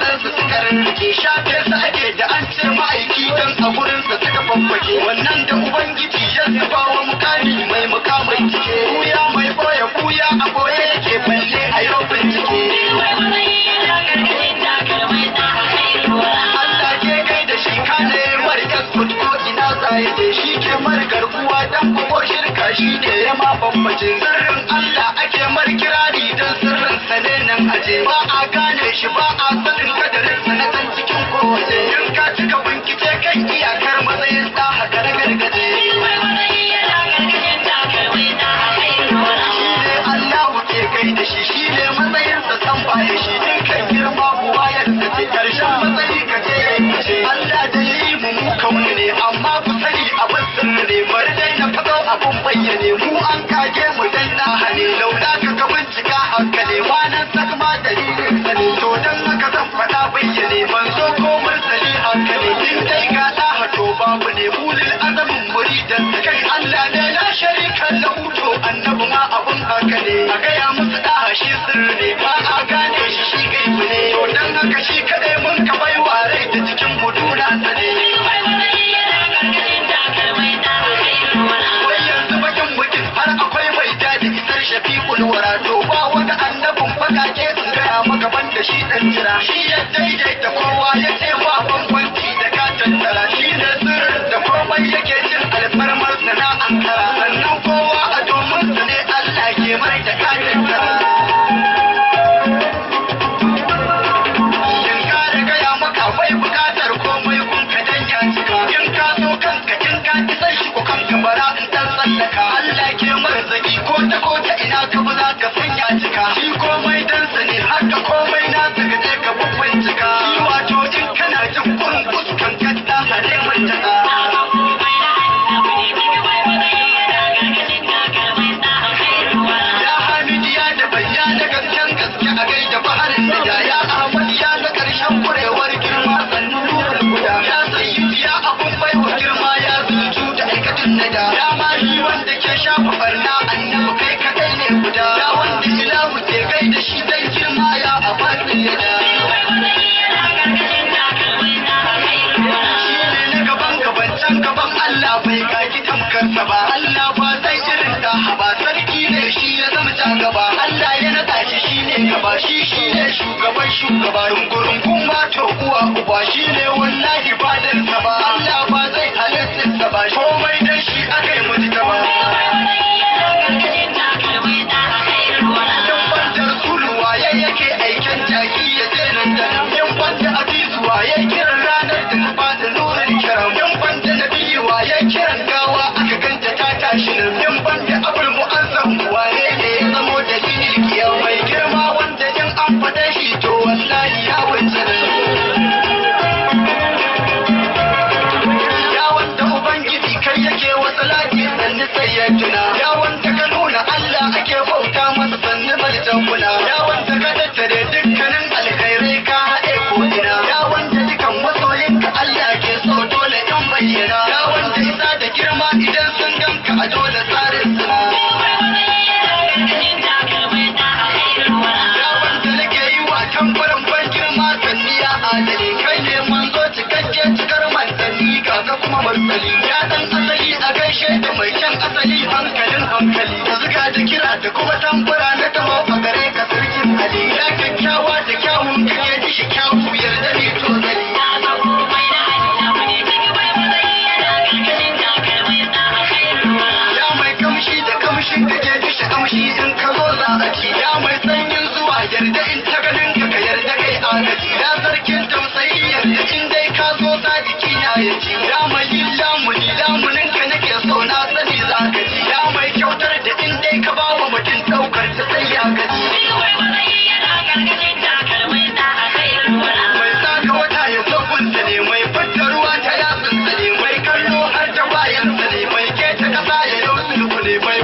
zan su tukar ki shafe su ake da an ce ma'aiki don a gurin sa suka babbake wannan da ubangiji ya zuba wa mukami mai mukamin cike kuya mai boye kuya a boye yake balle a yau bincike Allah ke kai da shi kane markas mutu ina zaye da shi ke margar uwa dan ko shirka shi ne ya ma bambace sirrin Allah ake markirari don sirrin sa ne nan aje ba a gane shi ba in ka cika bincike kan iyakar matsayin da haka na gargaje Allahu ke kai da shi shi ne matsayinsa san baya shi in kai girma kuwa yadda ce karshen matsayi ka ce Allah da ya yi mu mu kaunu ne amma ku sani abin sirri ne bari dai na fito abin bayyane mu an kage mu dai na hane lauda ka a gaya musu da shi sirri ba a gane shi shi gaibu ne to dan haka shi kadai mun ka bai ware da cikin budura sane wai yanzu bakin bukin har akwai maita daɗi isar shafi'ul warato ba wani annabin bakake sun gaya maka da shi dan shi ya daidaita kowa ya je ba ki bara lallaka. tsallaka Allah ke marzaki ko ta ko ta ina ka bu za ta sanya cika shi komai dansa ne haka komai na ta ga ka bubun cika shi wato in kana jin kun fuskan kadda hare mun ta Ya hamidi ya da bayyana gasken gaske a gaida baharin da shafa barna annabi kai kaɗai ne guda ya wanda ilahu ke kai da shi dan girma ya abadin ya da na gaban gaban can gaban Allah bai kaki tamkarsa ba Allah ba zai irin ta haba sarki ne shi ya zama ta Allah ya nada shi shi ne gaba shi shi ne shugaban shugaba rungurin kuma to uwa uba shi ne wallahi ba dan ba Allah ba zai halitta ba komai dashi shi aka martani ya dan asali a gaishe da mai kyan asali hankalin hankali zuga da kira da kuma tambura na tabo a gare ka sarkin ali ya kyakkyawa da kyawun ka ya ji shi kyawu yarda ne to zali ya mai kamshi da kamshin da ke ji shi kamshi in ka zo za a ci ya mai sanyin zuwa yarda in ta ganin ka ka yarda kai agaji ya sarkin tausayi yarda in dai ka zo sadiki ya ci. ya mai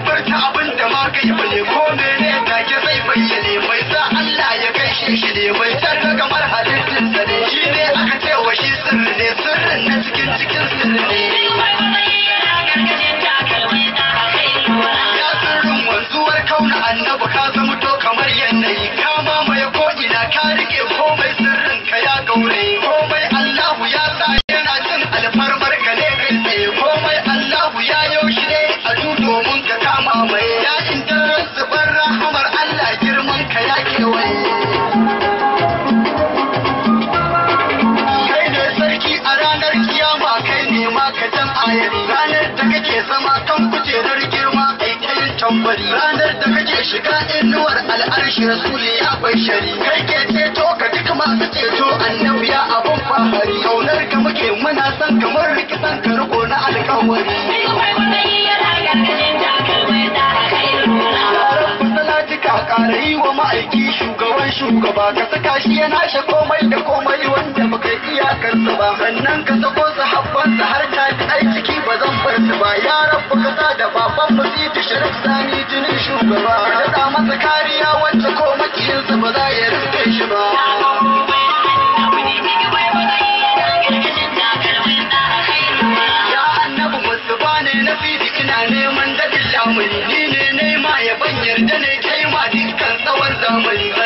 barta abin da ma kai bane ko mene take zai bayyane mai sa Allah ya kai shi shi ne mai girma ka jan ranar da kake zama kan kujerar girma aikin tambari ranar da kake shiga inuwar al'arshi rasuli ya bai shari kai ke ceto ka duk masu ceto annabi ya abun fahari kaunar ka muke muna san kamar rikitan ka riko na alkawari Kara yi wa ma'aiki shugaban shugaba ka saka shi yana shi komai da komai wanda muka iyakar ba sannan ka sako kofar ba ya rabu kasa da baban basiti sharif sani jinin shugaba da da masa kariya wacce ko makiyansa ba za ya rike shi ba Neman dadin lamuni, ni ne nema ya ban yarda ne kai ma dukkan tsawon zamani.